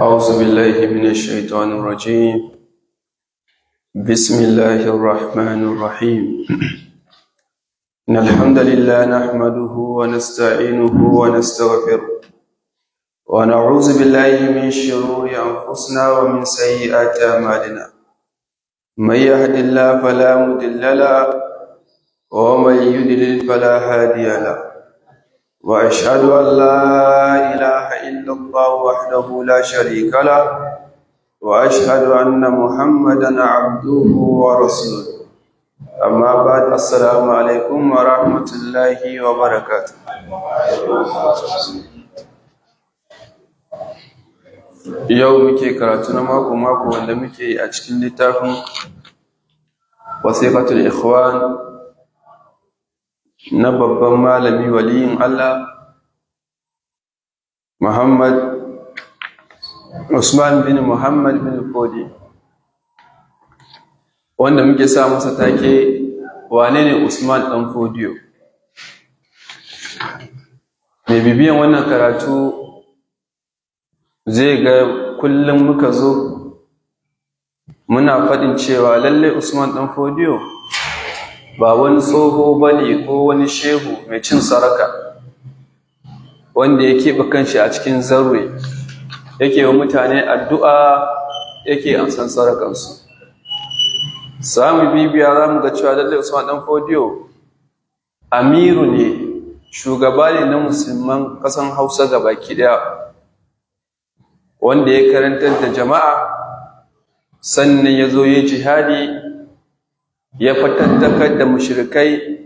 أعوذ بالله من الشيطان الرجيم بسم الله الرحمن الرحيم إن الحمد لله نحمده ونستعينه ونستغفره ونعوذ بالله من شرور أنفسنا ومن سيئات أعمالنا من يهد الله فلا مضل له ومن يضلل فلا هادي له واشهد ان لا اله الا الله وحده لا شريك له واشهد ان محمدا عبده ورسوله اما بعد السلام عليكم ورحمه الله وبركاته yau muke karatu na mako mako wanda muke a cikin littafin wasiqatul ikhwan na babban malami waliyin Allah Muhammad Usman bin Muhammad bin Kodi wanda muke sa masa take wane ne Usman dan Fodiyo mai bibiyan wannan karatu zai ga kullum muka zo muna faɗin cewa lallai Usman dan Fodiyo ba wani tsoho ba ne ko wani shehu mai cin saraka wanda ya keɓe kanshi a cikin zarwe yake wa mutane addu'a yake amsan sarakansu samu bibiya za mu ga cewa lallai usman dan fodiyo amiru ne shugaba ne na musulman ƙasan hausa ga baki ɗaya wanda ya karantar da jama'a sannan ya zo ya jihadi ya fatattakar da mushrikai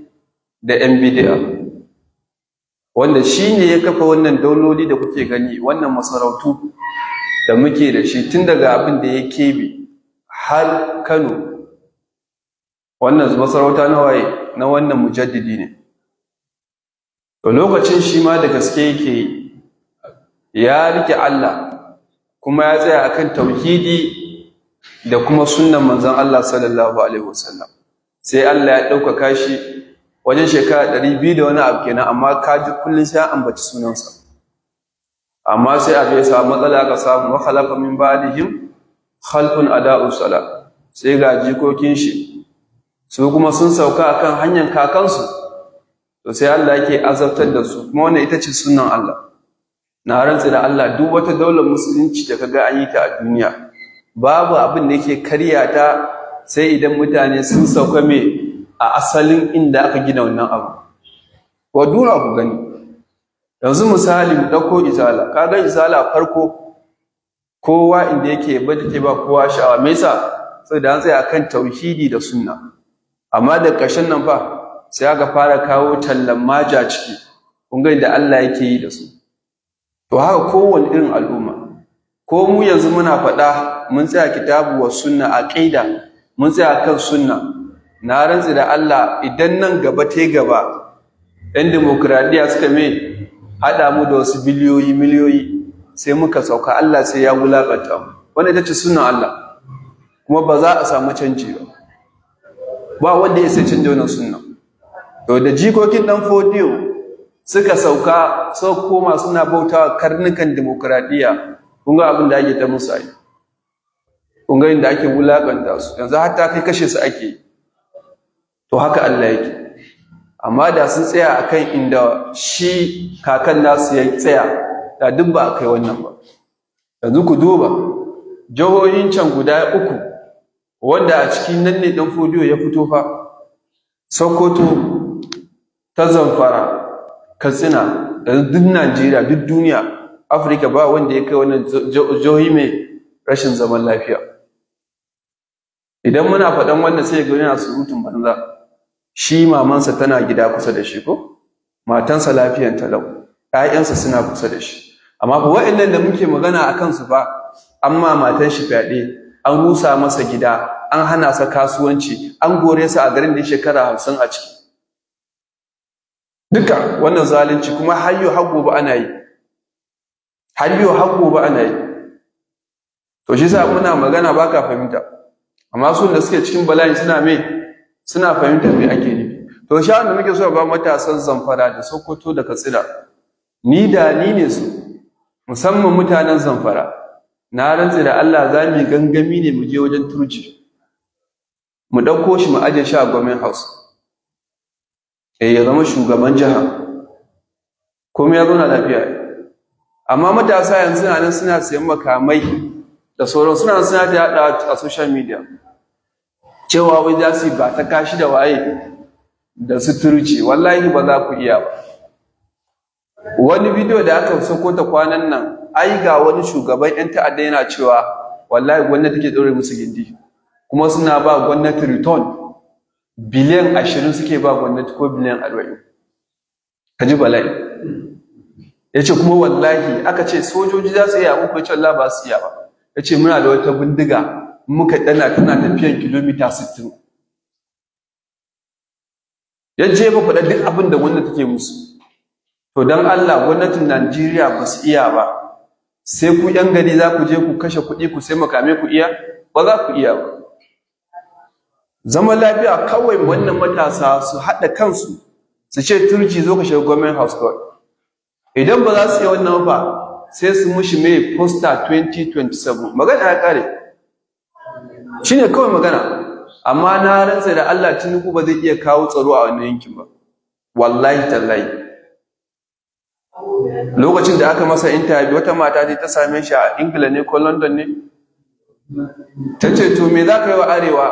da 'yan bidi'a wanda shi ne ya kafa wannan dauloli da kuke gani wannan masarautu da muke da shi tun daga abin da ya kebe har kano wannan masarauta na waye na wannan mujaddidi ne to lokacin shi ma da gaske yake ya rike allah kuma ya tsaya akan tauhidi da kuma sunnan manzon allah sallallahu alaihi wasallam sai Allah ya ɗaukaka shi wajen shekara ɗari biyu da wani abu kenan amma ka ji kullum sai an ambaci sunansa amma sai abu ya samu matsala ka samu makhalafa min ba'dihim khalqun ada'u sala sai ga jikokin shi su kuma sun sauka a kan hanyar kakansu to sai Allah yake azabtar da su kuma wannan ita ce sunan Allah na rantsu da Allah duk wata daular musulunci da kaga an yi ta a duniya babu abin da yake karya ta sai idan mutane sun sauka mai a asalin inda aka gina wannan abu wa dura ku gani yanzu misali mu ɗauko izala ga izala farko kowa inda yake bada ke ba kowa sha'awa me yasa saboda an tsaya akan tauhidi da sunna amma da ƙarshen nan fa sai aka fara kawo tallan maja ciki kun ga inda Allah yake yi da su to haka kowane irin al'umma ko mu yanzu muna faɗa mun tsaya kitabu wa sunna aqida mun tsaya kan sunna na rantsi da Allah idan nan gaba ta gaba yan demokradiya suka me haɗa mu da wasu biliyoyi miliyoyi sai muka sauka Allah sai ya wulaƙanta mu wanda ita ce sunan Allah kuma ba za a samu canji ba ba wanda ya sai canja wannan sunan to da jikokin dan fodiyo suka sauka sau koma suna bautawa karnukan demokradiya kun ga abin da ake ta musu kun da ake wulakanta su yanzu ta kai kashe su ake to haka Allah yake amma da sun tsaya a kan inda shi kakan nasu ya tsaya da duk ba kai wannan ba yanzu ku duba jihohin can guda uku wanda a cikin nan ne dan fodiyo ya fito fa Sokoto ta Zamfara Katsina da duk Najeriya duk duniya Afirka ba wanda ya kai wannan jihohi mai rashin zaman lafiya idan muna faɗan wannan sai ga yana surutun banza shi mamansa tana gida kusa da shi ko matansa lafiyan talau ƴaƴansa suna kusa da shi amma ba wa'annan da muke magana a kansu ba, an ma matan shi fyaɗe an rusa masa gida an hana sa kasuwanci an gore sa a garin da shekara hamsin a ciki duka wannan zalunci kuma hayyo har ba ana yi hayyo har ba ana yi to shi sa muna magana baka fahimta amma su da suke cikin bala'i suna mai suna fahimtar me ake nufi to shawar da muke so ba matasan zamfara da sokoto da katsina ni da ni ne su musamman mutanen zamfara na rantse da Allah za mu gangami ne mu je wajen turci mu ɗauko shi mu aje shi a gwamnatin house eh ya zama shugaban jiha komai ya zauna lafiya amma matasa yanzu nan suna sayan makamai da sauran suna suna da haɗa a social media cewa wai za su ba ta kashi da waye da suturci wallahi ba za ku iya ba wani bidiyo da aka sako ta kwanan nan ai ga wani shugaban yan ta'adda yana cewa wallahi gwamnati ke ɗaure musu gindi kuma suna ba gwamnati return biliyan ashirin suke ba gwamnati ko biliyan arba'in ka ji bala'i ya ce kuma wallahi aka ce sojoji za su iya muku ya ce Allah ba su iya ba ya ce muna da wata bindiga muka ɗana tana tafiyan kilomita 60 ya jefa faɗa duk abin da gwamnati take musu to dan Allah gwamnatin Najeriya ba su iya ba sai ku ‘yan gari za ku je ku kashe kuɗi ku sai makame ku iya ba za ku iya ba zama lafiya kawai wannan matasa su haɗa kansu su ce turji zo ka shiga government house idan ba za su iya wannan ba sai su mushi mai poster 2027 magana ya kare Shi ne kawai magana amma na rantsa da Allah tinubu ba zai iya kawo tsaro a wannan yankin ba wallahi tallahi lokacin da aka masa interview wata mata ta same shi a Ingila ne ko London ne ta ce to me za ka yi wa arewa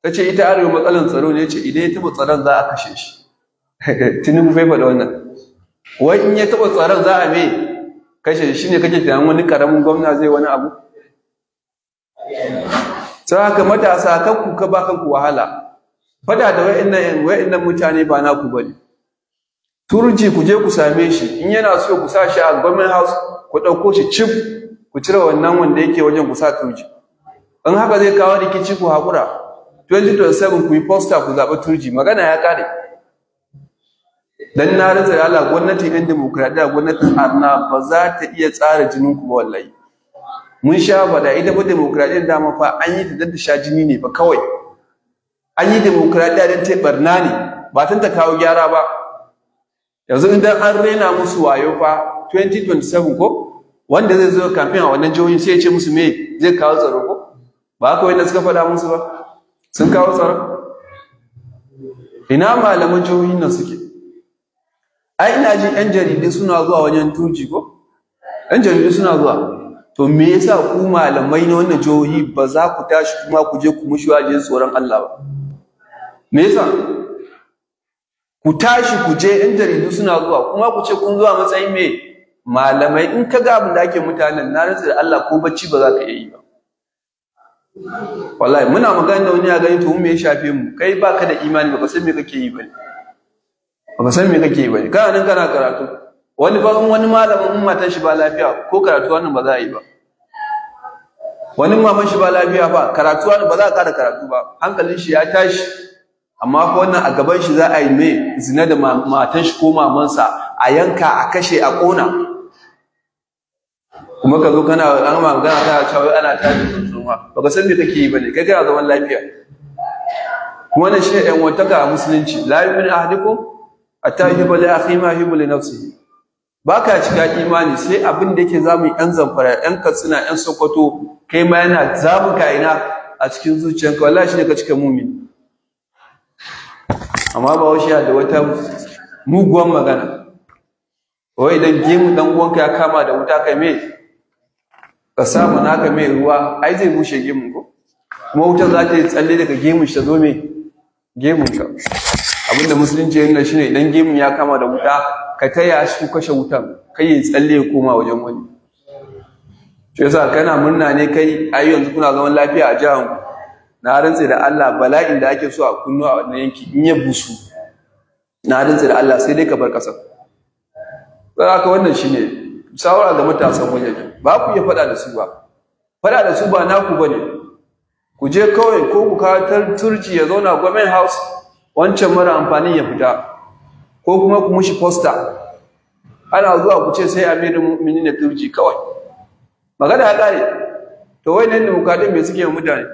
ta ce ita arewa matsalan tsaro ne ce idan ya taɓa tsaron za a kashe shi tinubu fai faɗa wannan wani ya taɓa tsaron za a me kashe shi ne kake tunanin wani karamin gwamna zai wani abu sai haka matasa kan ku ka ba kanku wahala fada da wa'annan wa'annan mutane ba naku bane turji ku je ku same shi in yana so ku sa shi a government house ku ɗauko shi cif ku cire wannan wanda yake wajen ku sa turji in haka zai kawo rikici ku haƙura 2027 ku yi poster ku zaɓi turji magana ya ƙare dan na rantsa da Allah gwamnatin yan demokradiya gwamnatin arna ba za ta iya tsara jinin ku ba wallahi mun sha bada ita ba demokradiyyar dama fa an yi ta dan ta sha jini ne ba kawai an yi demokradiyya dan ta barna ne ba ta kawo gyara ba yanzu idan an rena musu wayo fa 2027 ko wanda zai zo kamfen a wannan jihohin sai ya ce musu me zai kawo tsaro ko ba haka wanda suka faɗa musu ba sun kawo tsaro ina malaman jihohin nan suke ai ina ji yan jaridu suna zuwa wajen tuji ko yan jaridu suna zuwa to me yasa ku malamai na wannan jihohi ba za ku tashi kuma ku je ku mushi wajen tsoron Allah ba me yasa ku tashi ku je yan jaridu suna zuwa kuma ku ce kun zuwa matsayin me malamai in ka ga abin da ake mutanen na rantsa da Allah ko bacci ba za ka iya yi ba wallahi muna magana da wani ya gani to me ya shafe mu kai baka da imani ba ba sai me kake yi ba ne ba san me kake ba ka nan kana karatu wani ba in wani malamin in matan shi ba lafiya ko karatu wannan ba za a yi ba wani maman shi ba lafiya ba karatu wannan ba za a kara karatu ba hankalin shi ya tashi amma ko wannan a gaban shi za a yi me zina da matan shi ko mamansa a yanka a kashe a kona kuma ka zo kana an magana ta cewa ana tashi ba baka san me kake yi bane kai kana zaman lafiya kuma wannan shi ne yan wata ga musulunci la yu'minu hatta yuhibbu li akhi ma yuhibbu li nafsihi baka cika imani sai abin da yake zamu yan zamfara yan katsina yan sokoto kai ma yana zamuka ina a cikin zuciyanka wallahi shine ka cika mumin amma ba wasu da wata muguwan magana wai idan gemu dan uwanka ya kama da wuta kai me ka samu naka mai ruwa ai zai bushe gemun ko kuma wutar za ta yi tsalle daga gemun shi ta zo me gemun ka abinda musulunci yana shi shine idan gemun ya kama da wuta ka taya shi ku kashe wutan kai ya tsalle ya koma wajen wani shi yasa kana murna ne kai ai yanzu kuna zaman lafiya a jihar ku na rantse da Allah bala'in da ake so a kunnu a wannan yanki in ya busu na rantse da Allah sai dai ka bar kasar saboda wannan shine shawara ga matasan wajen ba ku iya faɗa da su ba faɗa da su ba naku bane ku je kawai ko ku kawo turci ya zauna gwamnati house wancan mara amfani ya fita ko kuma ku mushi posta ana zuwa ku ce sai amirin mu'minin na turji kawai magana ya ne. to wai nan dimokuraɗin me suke mutane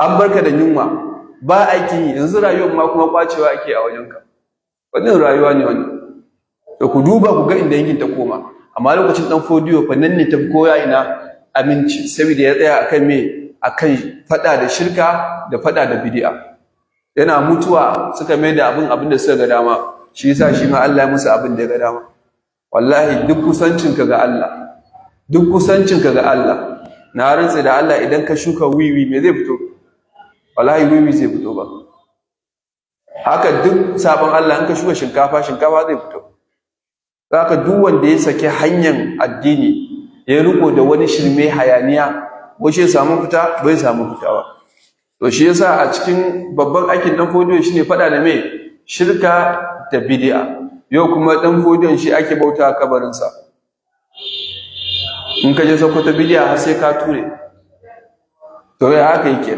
an barka da yunwa ba aikin yi yanzu rayuwar ma kuma kwacewa ake a wajenka wannan rayuwa ne wani to ku duba ku ga inda yankin ta koma amma lokacin dan fodiyo fa nan ne ta koya ina aminci saboda ya tsaya akan me A kan fada da shirka da fada da bidi'a. yana mutuwa suka mai da abin abin da suka ga dama shi yasa shi ma Allah ya musu abin da ya ga dama wallahi duk kusancin ka ga Allah duk kusancin ka ga Allah na rantsa da Allah idan ka shuka wiwi me zai fito wallahi wiwi zai fito ba haka duk sabon Allah in ka shuka shinkafa shinkafa zai fito zaka duk wanda ya saki hanyar addini ya riko da wani shirme hayaniya ko shi ya samu fita bai samu fita ba to shi yasa a cikin babban aikin dan shi shine fada da me shirka da bid'a yau kuma dan fodiyon shi ake bauta a kabarin in ka je sako ta bid'a har sai ka ture to ya haka yake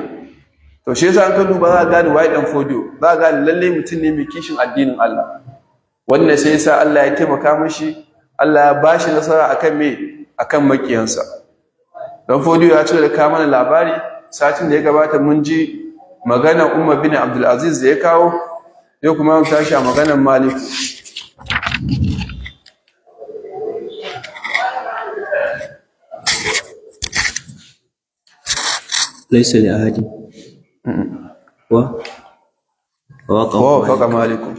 to shi yasa an ka duba za a gane wai dan fodiyo za a gane lalle mutum ne mai kishin addinin Allah wannan sai yasa Allah ya taimaka mashi Allah ya bashi nasara akan me akan makiyansa Don fodiyo ya cire da kama labari satin da ya gabata mun ji magana umar bin Abdulaziz da ya kawo yau kuma mun tashi a maganar malik ليس لأحد wa ووافق malikun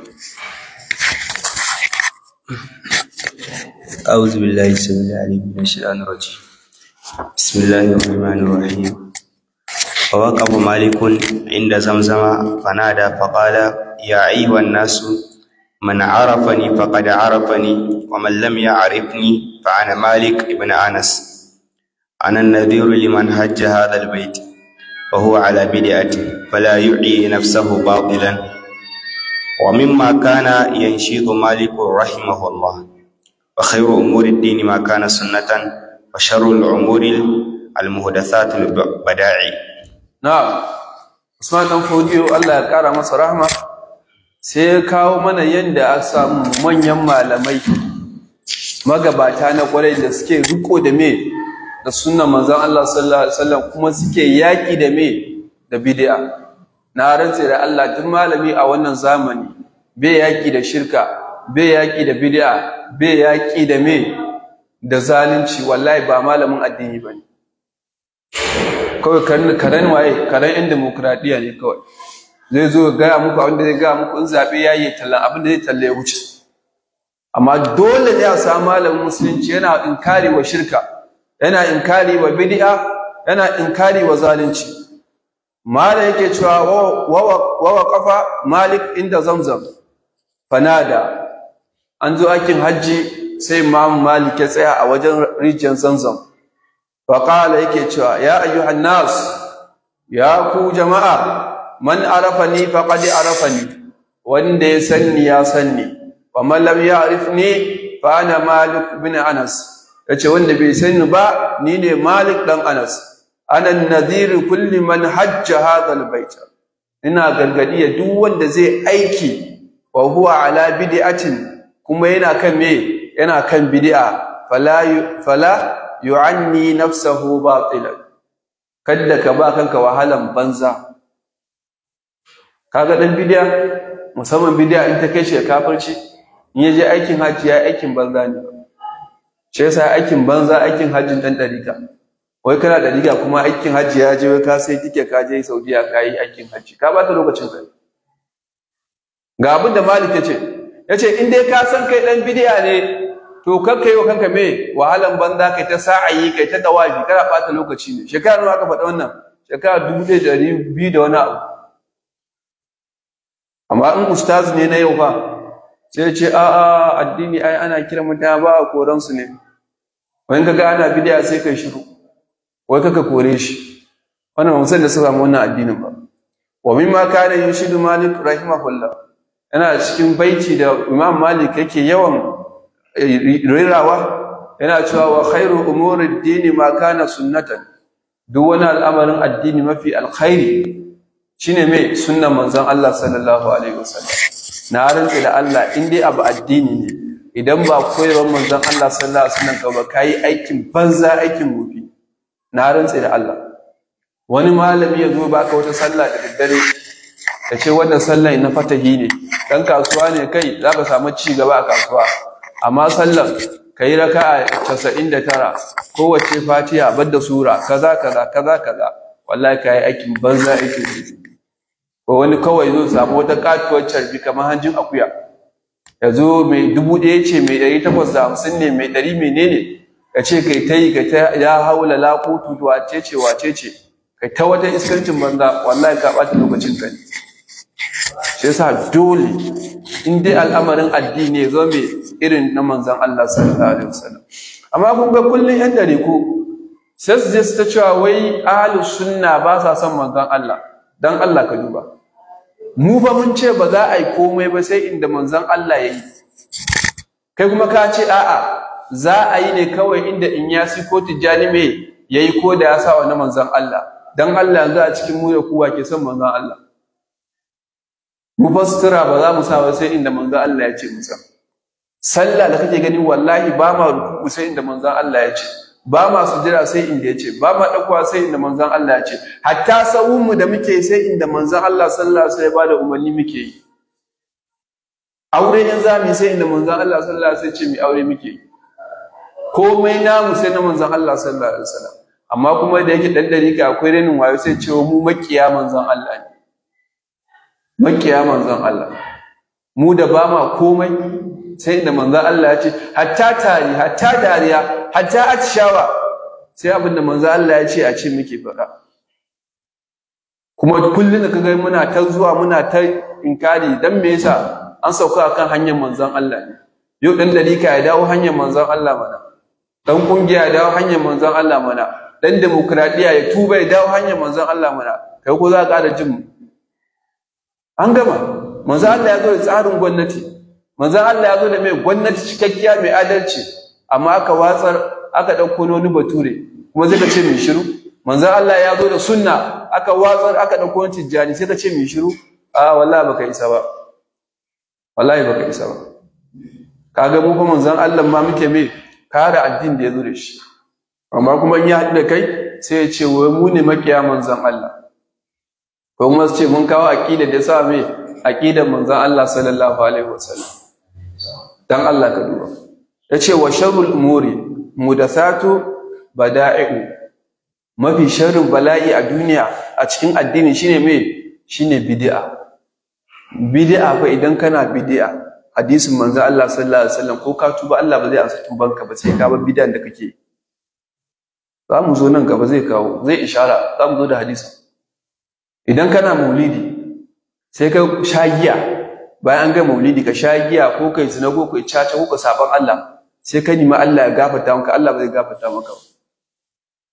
أعوذ بالله السميع العليم من الشيطان الرجيم بسم الله الرحمن الرحيم فوقف مالك عند زمزم فنادى فقال يا أيها الناس من عرفني فقد عرفني ومن لم يعرفني فأنا مالك ابن أنس أنا النذير لمن هج هذا البيت وهو على بدعة فلا يعي نفسه باطلا ومما كان ينشيط مالك رحمه الله وخير أمور الدين ما كان سنة وشر الأمور المحدثات bada'i na'am Usman dan Fodiyo Allah ya kara masa rahma sai ya kawo mana yadda a samu manyan malamai magabata na kwarai da suke riko da me da sunnan manzon Allah sallallahu alaihi wasallam kuma suke yaƙi da me da bid'a na rantse da Allah duk malami a wannan zamani bai yaƙi da shirka bai yaƙi da bid'a bai yaƙi da me da zalunci wallahi ba malamin addini ba ne kawai karen waye karen yan demokuraɗiyya ne kawai zai zo gaya muku abin da zai gaya muku in zaɓe ya yi talla abin da zai talla ya wuce amma dole ne a samu malamin musulunci yana inkari wa shirka yana inkari wa bidi'a, yana inkari wa zalunci mala yake cewa wa kafa malik inda zamzam fanada an zo aikin hajji sai imam malik ya tsaya a wajen rijiyar zanzan fa qala yake cewa ya ayyuhan nas ya ku jama'a man arafani faqad arafani wanda ya sanni ya sanni wa man lam ya'rifni fa ana malik bin anas yace wanda bai sanni ba ni ne malik dan anas ana nadhir kulli man hajja hadha albayt ina gargadiya duk wanda zai aiki wa huwa ala bid'atin kuma yana kan me yana kan bid'a fala fala yu'anni nafsahu batilan kada ka ba kanka wahalan banza kaga dan bid'a musamman bid'a in ta kai shi kafirci in yaje aikin haji ya aikin banza ne shi yasa aikin banza aikin haji dan dariƙa wai kana da kuma aikin haji ya je wai ka sai kike ka je Saudiya ka yi aikin haji? ka ba ta lokacin ka ga abin da Malik ya ce yace in dai ka san kai dan bid'a ne to kanka yau kanka me wahalan banza kai ta sa'a yi kai ta dawaji kana bata lokaci ne shekara nawa aka faɗa wannan shekara dubu ɗaya da ɗari biyu da wani abu amma in ustaz ne na yau fa sai ya ce a'a addini ai ana kiran mutane ba a koran su ne wani kaga ana bidiya sai kai shiru wai kaka kore shi wannan ba musan da su samu wannan addinin ba wa mimma kana yushidu malik rahimahullah yana cikin baiti da imam malik yake yawan rirawa yana cewa wa khairu umuri dini ma kana sunnatan duk wani al'amarin addini mafi alkhairi shine mai sunnan manzon Allah sallallahu alaihi wasallam na rantsi da Allah in dai abu addini ne idan ba koyarwar manzon Allah sallallahu alaihi wasallam ka ba kai aikin banza aikin gobe na rantsi da Allah wani malami ya zo baka wata sallah da daddare ka ce wannan sallah na fatahi ne dan kasuwa ne kai za ka samu ci gaba a kasuwa amma sallar ka yi raka a casa'in da tara kowace fatiha da sura kaza kaza kaza kaza wallahi ka yi aikin banza aikin ko wani kawai zo samu wata katuwar carbi kamar hanjin akuya ya zo mai dubu ɗaya ce mai ɗari takwas da hamsin ne mai ɗari menene ka ce kai ta yi ka ta ya haula la kutu wace ce wace ce kai ta wata iskancin banza wallahi ka ɓata lokacin ka ne shi yasa dole in dai al'amarin addini zo mai irin na manzan Allah sallallahu alaihi wasallam amma kun ga kullun yan dare ko sai su je su ta cewa wai ahlus sunna ba sa son manzan Allah dan Allah ka duba mu fa mun ce ba za a yi komai ba sai inda manzan Allah ya yi kai kuma ka ce a'a za a yi ne kawai inda in ya si ko tijjani me yayi ko da ya sa wa na manzan Allah dan Allah yanzu a cikin mu ya kuwa ke son manzan Allah mu fastura ba za mu sa ba sai inda manzan Allah ya ce mu sa sallah da kake gani wallahi ba ma ruku sai inda manzon Allah ya ce ba ma sujjada sai inda ya ce ba ma dakuwa sai inda manzon Allah ya ce hatta sawun mu da muke sai inda manzon Allah sallallahu alaihi wasallam ya bada umarni muke yi aure in za mu sai inda manzon Allah sallallahu alaihi wasallam ce mi aure muke yi komai namu sai na manzon Allah sallallahu alaihi wasallam amma kuma da yake dan ka akwai renin wayo sai ce mu makiya manzon Allah ne makiya manzon Allah mu da ba ma komai sai da manzo Allah ya ce hatta tari hatta dariya hatta atishawa sai abin da manzo Allah ya ce a ce muke faɗa kuma kullun da kaga muna ta zuwa muna ta inkari dan me yasa an sauka akan hanyar manzan Allah ne yau dan dalika ya dawo hanyar manzan Allah mana dan kungiya ya dawo hanyar manzan Allah mana dan demokradiya ya tuba ya dawo hanyar manzan Allah mana kai ko za ka ƙara jin an gama Manzan Allah ya zo da tsarin gwamnati manzon Allah ya zo da mai gwamnati cikakkiya mai adalci amma aka watsar aka ɗauko wani bature kuma zai ka ce mai shiru manzon Allah ya zo da sunna aka watsar aka ɗauko wani tijjani sai ka ce mai shiru a wallahi baka isa ba wallahi baka isa ba kaga mu fa manzon Allah ma muke mai kare addini da ya zo da shi amma kuma in ya haɗu da kai sai ya ce wai mu ne makiya manzon Allah ko kuma su ce mun kawo aƙida da ya sa mai aƙidan manzon Allah sallallahu alaihi wasallam dan Allah ka duba yace wa sharul umuri mudasatu bada'i'u mafi sharrin bala'i a duniya a cikin addini shine me shine bid'a bid'a fa idan kana bid'a hadisin manzo Allah sallallahu alaihi wasallam ko ka tuba Allah ba zai ansa tubanka ba sai ka bar bid'an da kake za mu zo nan gaba zai kawo zai ishara za mu zo da hadisi idan kana maulidi sai ka sha giya bayan an ga maulidi ka sha giya ko kai zina ko kai caca ko sabon Allah sai ka ma Allah ya gafarta maka Allah ba zai gafarta maka ba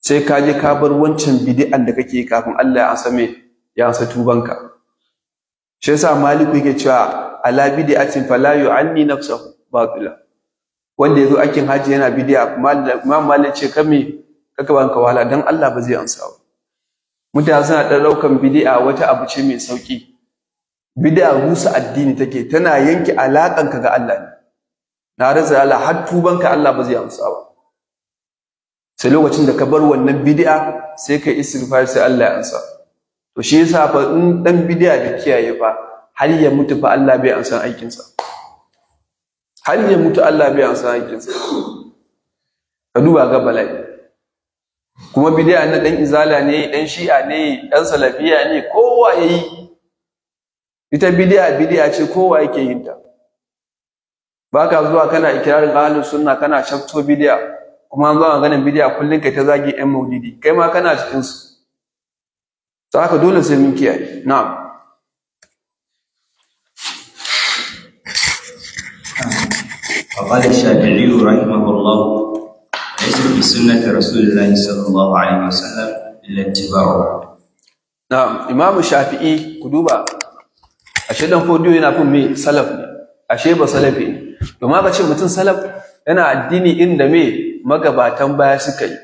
sai ka je ka bar wancan bid'an da kake kafin Allah ya ansa me ya ansa tubanka shi yasa maliku yake cewa ala bid'atin fala yu'anni nafsahu batila wanda yazo akin haji yana bid'a amma malik ce kame kaka ban ka wahala dan Allah ba zai ansa ba mutane suna dan daukan bid'a wata abu ce mai sauki bid'a rusa addini take tana yanke alaƙanka ga Allah ne na rasa Allah har tubanka Allah ba zai amsa ba sai lokacin da ka bar wannan bid'a sai ka istighfar sai Allah ya amsa to shi yasa fa in dan bid'a da kiyaye fa har ya mutu fa Allah bai amsa aikin sa har ya mutu Allah bai amsa aikin sa ka duba ga bala'i kuma bid'a na dan izala ne dan shi'a ne dan salafiya ne kowa yayi ita bidiya bidiya ce kowa yake yin ta ba ka zuwa kana ikirarin ahlus sunna kana shafto bidiya kuma an zama ganin bidiya kullum kai ta zagi yan maulidi kai ma kana cikin su ta haka dole sai mun kiyaye na'am فقال الشافعي رحمه الله ليس في سنة رسول الله صلى الله عليه وسلم إلا اتباعه نعم إمام الشافعي كدوبا ashe dan fodiyo yana kun me salaf ne ashe ba salafi ne ma ka ce mutum salaf yana addini inda me magabatan baya suka yi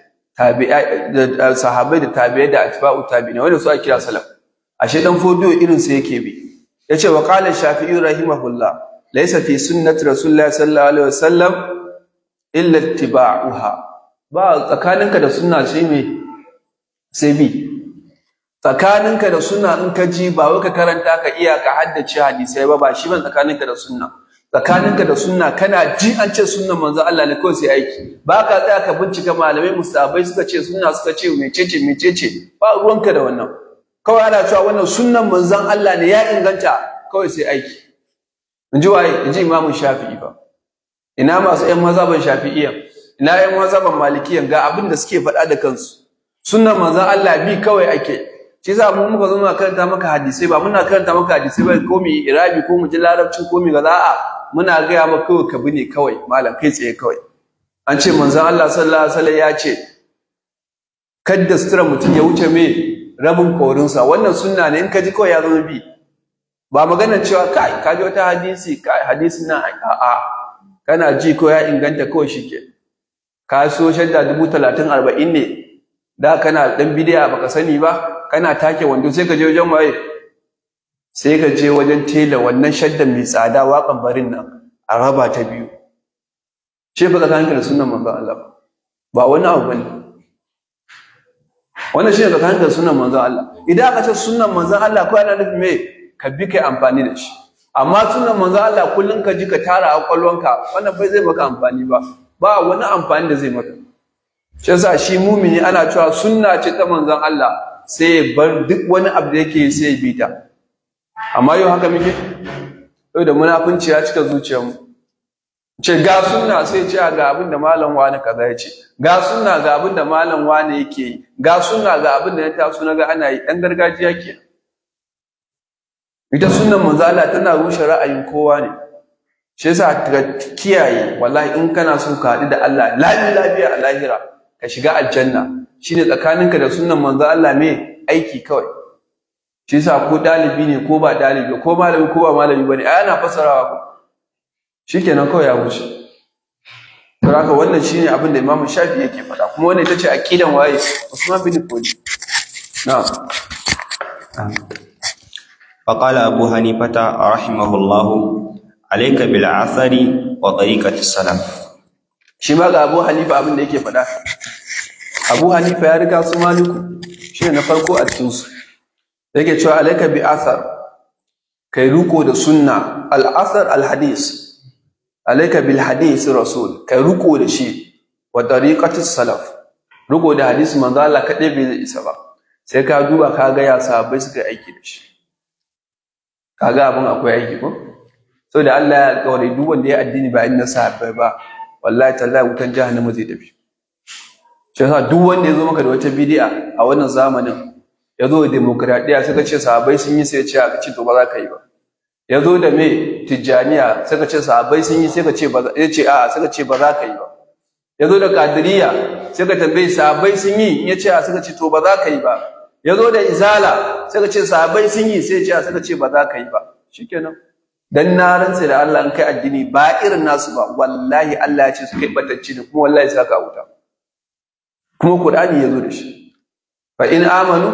sahabai da tabi'ai da atba'u tabi'ina wanda su ake kira salaf ashe dan fodiyo irin sa yake bi yace wa qala shafi'i rahimahullah laysa fi sunnati rasulullahi sallallahu alaihi wasallam illa ittiba'uha ba tsakaninka da sunna shi me sai bi tsakaninka da sunna in ka ji ba wai ka karanta ka iya ka haddace hadisai ba ba shi ban tsakaninka da sunna tsakaninka da sunna kana ji an ce sunnan manzo Allah ne kawai sai aiki ba ka tsaya ka bincika malamai musabai suka ce sunna suka ce mecece mecece ba ruwanka da wannan kawai ana cewa wannan sunnan manzon Allah ne ya inganta kawai sai aiki in ji waye in ji imamu shafi'i ba ina masu yan mazhaban shafi'iyya ina yan mazhaban malikiyya ga abin da suke faɗa da kansu sunnan manzon Allah bi kawai ake shi yasa mu muka zo muna karanta maka hadisai ba muna karanta maka hadisai ba ko mu irabi ko mu ji larabci ko mu ga za'a muna gaya maka kawai ka bi kawai malam kai tsaye kawai an ce manzon Allah sallallahu alaihi wasallam ya ce kadda sutura mutum ya wuce me rabin korinsa wannan sunna ne in ka ji kawai ya zama bi ba magana cewa kai ka ji wata hadisi kai hadisin nan a'a kana ji ko ya inganta kawai shike ka so shadda dubu talatin arba'in ne da kana dan bidiya baka sani ba kana take wando sai ka je wajen waye sai ka je wajen tela wannan shaddan mai tsada waƙan barin nan a raba ta biyu ce fa tsakaninka da sunan manzon Allah ba wani abu bane wannan shine tsakaninka da sunan manzon Allah idan aka ce sunan manzon Allah ko yana nufin me ka bi kai amfani da shi amma sunan manzo Allah kullun ka ji ka tara a kwalwanka wannan bai zai maka amfani ba ba wani amfani da zai maka shi yasa shi mumini ana cewa sunna ce ta manzon Allah sai bar duk wani abu da yake sai bi ta amma yau haka muke yau da munafunci ya cika zuciyarmu ce ga sunna sai ce ga abin da malam wani kaza ya ce ga sunna ga abin da malam wani yake yi ga sunna ga abin da ya taso na ga ana yi ɗan gargajiya ke ita sunnan manzala tana rushe ra'ayin kowa ne shi yasa ka kiyaye wallahi in kana so ka haɗu da Allah lafiya a lahira ka shiga aljanna shine tsakaninka da sunnan manzo Allah me aiki kawai shi yasa ko dalibi ne ko ba dalibi ko malami ko ba malami bane ai ana fasarawa ko shikenan kawai ya wuce to haka wannan shine abin da Imam Shafi yake faɗa kuma wannan ita ce aqidan waye Usman bin Fodi na'am فقال أبو حنيفة رحمه الله عليك بالعثر وطريقة السلف شما أبو حنيفة أبن ديكي فدا abu hanifa ya riga su maliku shi na farko a cikinsu yake cewa alaika bi asar, kai ruko da sunna al al-hadis alaika bil hadis rasul kai ruko da shi wa tariqatis salaf ruko da hadis manzo Allah kadai bai zai isa ba sai ka duba ka ga ya sahabbai suka aiki da shi kaga abin akwai aiki ko da Allah ya alƙawari duk wanda ya addini ba inna sahabbai ba wallahi tallahi wutan jahannama zai tafi shi yasa duk wanda ya zo maka da wata bidi'a a wannan zamanin ya zo da demokradiya sai ka ce sahabbai sun yi sai ya ce a ce to ba za ka yi ba ya zo da me tijjaniya sai ka ce sahabbai sun yi sai ka ce ba ya ce a sai ka ce ba za ka yi ba ya zo da kadiriya sai ka tambaye sahabbai sun yi ya ce a sai ka ce to ba za ka yi ba ya zo da izala sai ka ce sahabbai sun yi sai ya ce a sai ka ce ba za ka yi ba shikenan dan na rantse da Allah in kai addini ba irin nasu ba wallahi Allah ya ce su kai batacci ne kuma wallahi saka wuta kuma kur'ani ya zo da shi fa in amanu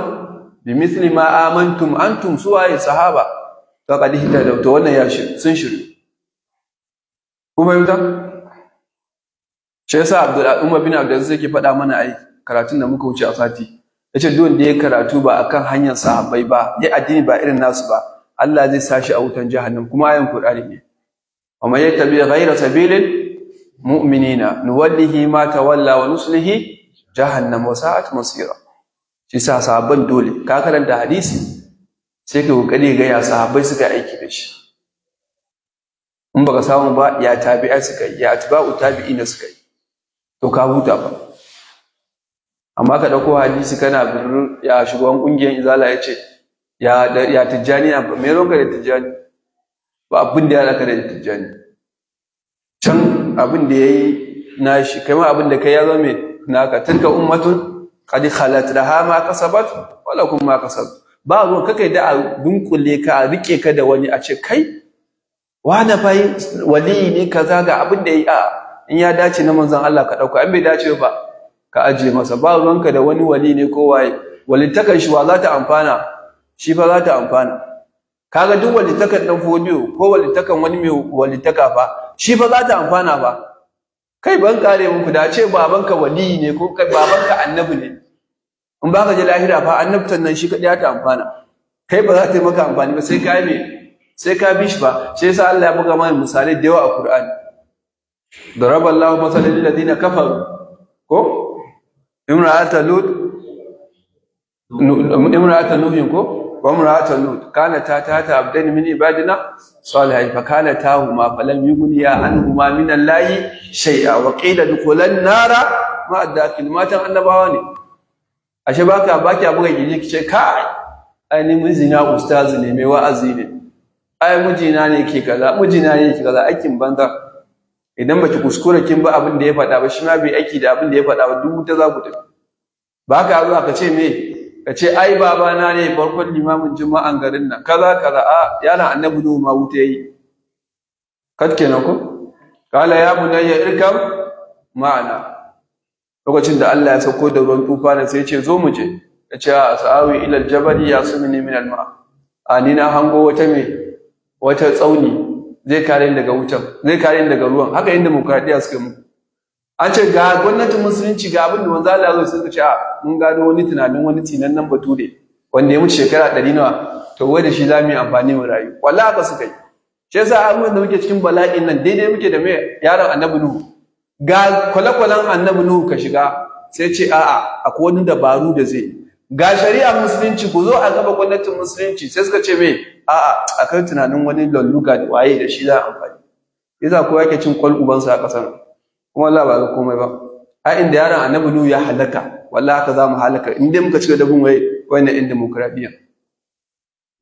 bi misli ma amantum antum suwaye sahaba hita da to wannan ya shi sun shiru ku fahimta shi yasa Abdul Umar bin Abdul Aziz yake faɗa mana ai karatun da muka wuce a sati yace duk wanda ya karatu ba kan hanyar sahabbai ba ya addini ba irin nasu ba Allah zai sa shi a wutan jahannam kuma ayan Qur'ani ne wa ya yattabi ghayra sabilil mu'minina nuwallihi ma tawalla wa nuslihi jahannama sa'at masira shi sa sahabban dole ka karanta hadisi sai ka kokari ga ya sahabbai suka aiki da shi in baka samu ba ya tabi'a suka yi ya atba'u tabi'ina suka yi to ka huta ba amma ka dauko hadisi kana birnin ya shugaban kungiyar izala ya ce ya ya tijjani na me ronka da tijjani ba abin da ya alaka da tijjani can abin da yayi nashi kai ma abin da kai ya zama mai naka tilka ummatun qad khalat laha ma kasabat wa lakum ma kasab ba ruwan kake da a dunkule ka a rike ka da wani a ce kai wani bai wali ne kaza ga abin da ya in ya dace na manzon Allah ka dauka An bai dace ba ka aje masa ba ruwanka da wani wali ne ko waye walittakan shi wa za ta amfana shi fa za ta amfana kaga duk walittakan dan fodiyo ko walittakan wani mai walittaka fa shi fa za ta amfana fa kai ban kare muku da ce babanka wali ne ko kai babanka annabi ne in ba ka je lahira fa annabtan nan shi kadai ta amfana kai ba za ta yi maka amfani ba sai ka me sai ka bi shi ba shi yasa Allah ya buga mana misali da yawa a Qur'ani daraba Allah masalan lil ladina kafaru ko imra'ata lut imra'ata nuhin ko wa لوط lut kana ta ta ta abdan min ibadina salihin fa kana ta huma falam yughniya anhuma min allahi ما wa qila dukulan nara ma adda annabawa ne ashe baka baki abuga gidi kice kai ai ni mijina ustazi ne mai wa'azi ne ai mijina ne ke kaza mijina ne idan baki kuskure kin ba abin da ya faɗa ba shi ma bai aiki da abin da ya faɗa ba duk ta za ku tafi baka zuwa ka ce me ka ce ai Baba na ne farkon limamin juma'an garin nan kaza kaza a yana annabi nuhu ma wuta yi katke na ko kala ya bunayya irkam ma'ana lokacin da Allah ya sauko da ruwan ne sai ya ce zo mu je ya ce a sa'awi ilal jabali ya sumini min alma a ni na hango wata me wata tsauni zai kare ni daga wutan zai kare ni daga ruwan haka inda demokradiya suka muku an ce ga gwamnatin musulunci ga abin da manzo Allah ya sun ce a ah, mun gano wani tunanin wani tinan nan bature wanda ya mutu shekara ɗari nawa to wai da shi za mu yi amfani mu rayu wallahi haka suka yi shi yasa abubuwan da muke cikin bala'in nan daidai muke da mai yaron annabi nuhu ga kwale-kwalen annabi nuhu ka shiga sai ce a'a akwai wani dabaru da zai ga shari'a musulunci ku zo a gaba gwamnatin musulunci sai suka ce mai a'a akan tunanin wani lalluga da waye da shi za a amfani yasa kowa yake cin kwal ubansa a ƙasar kuma Allah ba zai komai ba a inda yaron annabi nu ya halaka wallahi haka za mu halaka in dai muka cika da bin waye wannan in demokradiya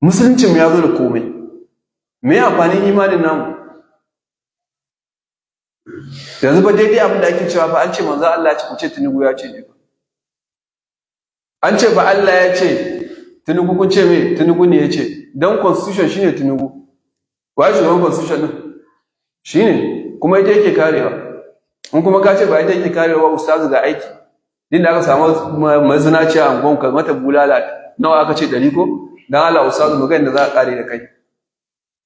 musulunci ya zo da komai me ya amfanin imanin namu yanzu ba daidai abin da ake cewa ba an ce manzo Allah ya ce ku ce tunugu ya ce ba an ce ba Allah ya ce tunugu kun ce me tunugu ne ya ce dan constitution shine tunugu wa shi constitution din shine kuma ita yake karewa in kuma ka ce ba yadda yake karewa ustazu ga aiki din da aka samu mazinaci a angon mata bulala nawa aka ce dari ko dan Allah ustazu mu da za a kare da kai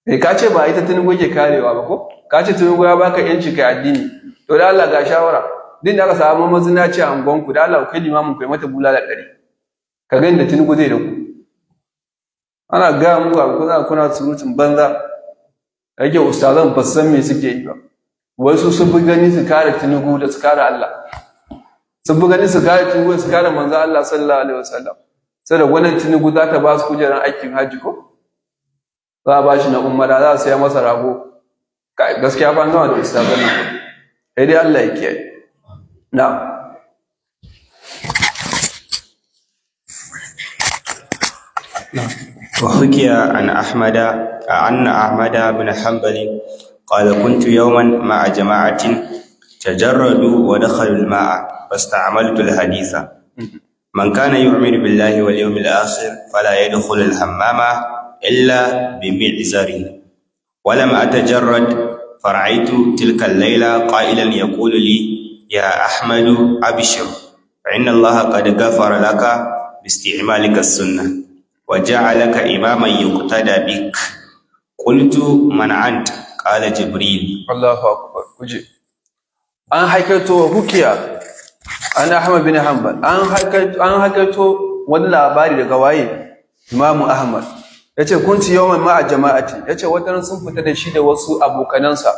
eh ka ce ba ita tunugo yake karewa ba ko ka ce tunugo ya baka yanci kai addini to da Allah ga shawara din da aka samu mazinaci a angon ku da Allah ku kai limamin ku mata bulala dari ka ga inda tunugo zai da ku ana ga muku abu kuna kuna surutun banza yake ustazan ba san me suke yi ba wasu sun fi gani su kare tinubu da su kare Allah sun fi gani su kare tinubu da su kare manzo Allah sallallahu alaihi wasallam sai wannan tinubu za ta ba su kujerar aikin hajji ko za a ba shi na umara za a saya masa rago gaskiya ba nawa da istighfar sai dai Allah ya kiyaye na'am وحكي عن أحمد عن أحمد بن حنبل قال كنت يوما مع جماعة تجردوا ودخلوا الماء فاستعملت الحديث من كان يؤمن بالله واليوم الآخر فلا يدخل الحمام إلا بمعزره ولم أتجرد فرأيت تلك الليلة قائلا يقول لي يا أحمد أبشر فإن الله قد غفر لك باستعمالك السنة وجعلك إماما يقتدى بك قلت من أنت qala jibril Allahu akbar kuje an hakaito hukiya Ana Ahmad bin Hanbal an hakaito wani labari daga waye imamu Ahmad Ya ce kun ci yawan ma'a jama'ati ce wata sun fita da shi da wasu abokanansa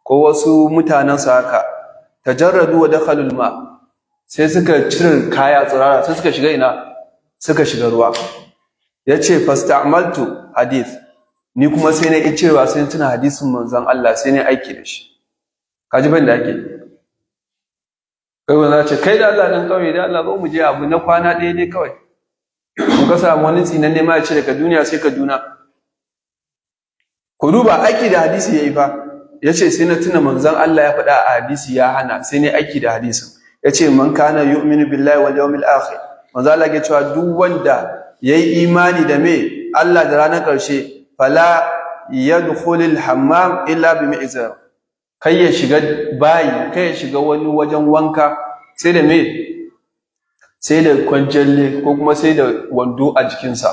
ko wasu mutanansa haka jarradu wa dakhalul ma sai suka cire kaya tsirara sai suka shiga ina suka shiga ruwa Ya yace fastamaltu hadith ni kuma sai na yi cewa sai tuna hadisin manzon Allah sai na aiki da shi kaji ban da ake kai wanda ce kai da Allah nan kawai da Allah zo mu je abu na kwana ɗaya ne kawai Mun ka samu wani tsinan ne ma ya ce daga duniya sai Kaduna ku duba aiki da hadisi yayi fa yace sai na tuna manzon Allah ya faɗa a hadisi ya hana sai ne aiki da hadisin yace man kana yu'minu billahi wal yawmil akhir manzon Allah ke cewa duk wanda yayi imani da me Allah da ranar ƙarshe fala yadkhulul hammam illa bi mi'zar kai ya shiga bayi kai ya shiga wani wajen wanka sai da me sai da kwanjalle ko kuma sai da wando a jikinsa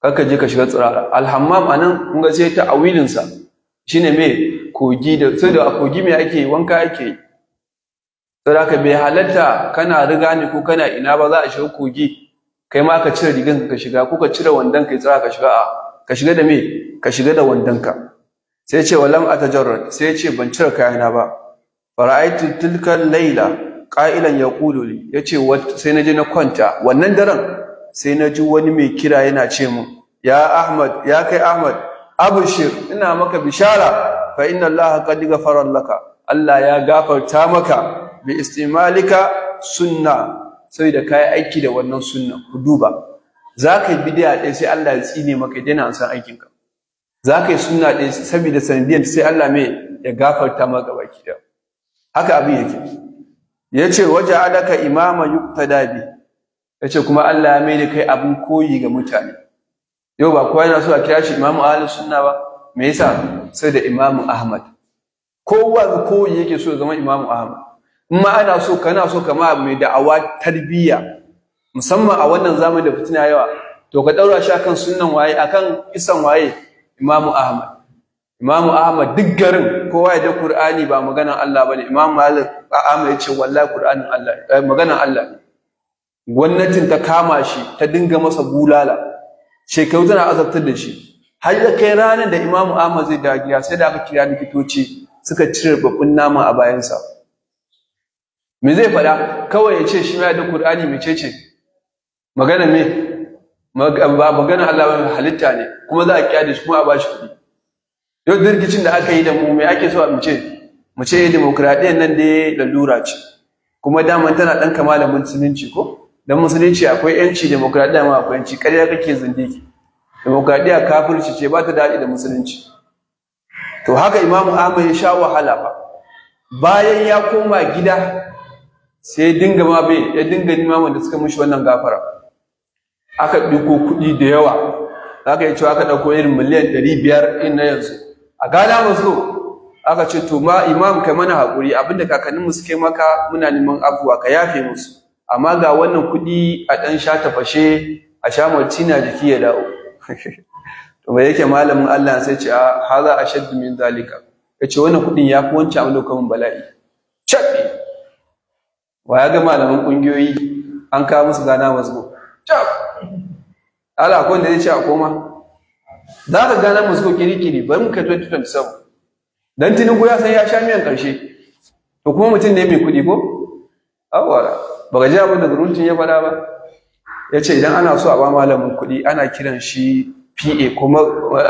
kaka je ka shiga tsirara alhammam anan kun ga sai ta'awilin sa shine me kogi da sai da kogi me ake wanka ake sai ka bai halatta kana riga ne ko kana ina ba za a shiga kogi kai ma ka cire rigan ka shiga ko ka cire wandon kai tsira ka shiga a ka shiga da me ka shiga da wandonka sai ce walam atajarrad sai ce ban cire kayana ba fara'aitu tilkan laila qa'ilan yaqulu li yace sai je na kwanta wannan daren sai na ji wani mai kira yana ce mu ya ahmad ya kai ahmad abushir ina maka bishara fa inna allaha qad ghafara laka allah ya gafarta maka bi istimalika sunna sai da kai aiki da wannan sunna ku duba za ka yi bidiya ɗaya sai Allah ya tsine maka ya daina san aikin ka za ka yi sunna ɗaya saboda sanadiyan sai Allah mai ya gafarta maka baki da haka abin yake ya ce waje alaka imama yuktada bi ya ce kuma Allah ya mai da kai abin koyi ga mutane yau ba kowa yana so a kira shi imamu ahlus sunna ba me yasa sai da imamu ahmad kowa koyi yake so ya zama imamu ahmad in ana so kana so kama mai da'awa tarbiyya musamman a wannan zamani da fitina yawa to ka ɗaura shi akan sunnan waye akan isan waye imamu ahmad imamu ahmad duk garin kowa ya da qur'ani ba maganan Allah bane imamu malik ahmad ya ce wallahi qur'anin Allah eh, maganan Allah gwamnatin ta kama shi ta dinga masa bulala shekaru tana azabtar da shi har da kai ranar da imamu ahmad zai dagiya sai da aka kira likitoci suka cire babban nama a bayansa me zai faɗa kawai ya ce shi ma da qur'ani mecece magana me ba magana Allah ba halitta ne kuma za a kyade shi kuma a bashi kuɗi yau dirgicin da aka yi da mu me ake so mu ce mu ce demokradiyyar nan da lalura ce kuma daman tana ɗan kama da musulunci ko dan musulunci akwai yanci demokradiyya ma akwai yanci ƙarya kake zindiki demokradiyya kafirci ce ba ta daɗi da musulunci to haka imamu ahmad ya sha wahala ba bayan ya koma gida sai ya dinga ma bai ya dinga limamin da suka mishi wannan gafara aka ɗiko kuɗi da yawa za ka yi cewa aka ɗauko irin miliyan ɗari biyar in na yanzu a gada masu aka ce to ma imam kai mana haƙuri abinda kakanninmu suke maka muna neman abuwa ka yafe musu amma ga wannan kuɗi a ɗan sha ta fashe, a sha na jiki ya dawo to bai yake malamin Allah sai ce a haza ashaddu min zalika yace wannan kuɗin ya fi wancan abin da bala'i cabbi wa ya ga malaman ƙungiyoyi an kawo musu gana masu cabbi Allah akwai wanda zai ce a koma za ka gana mu suko kiri bari mu kai 2027 dan tinubu ya san ya sha miyan karshe to kuma mutum ne mai kuɗi ko awara ba ga ji abin da zurutun ya faɗa ba ya ce idan ana so a ba malamin kuɗi ana kiran shi pa kuma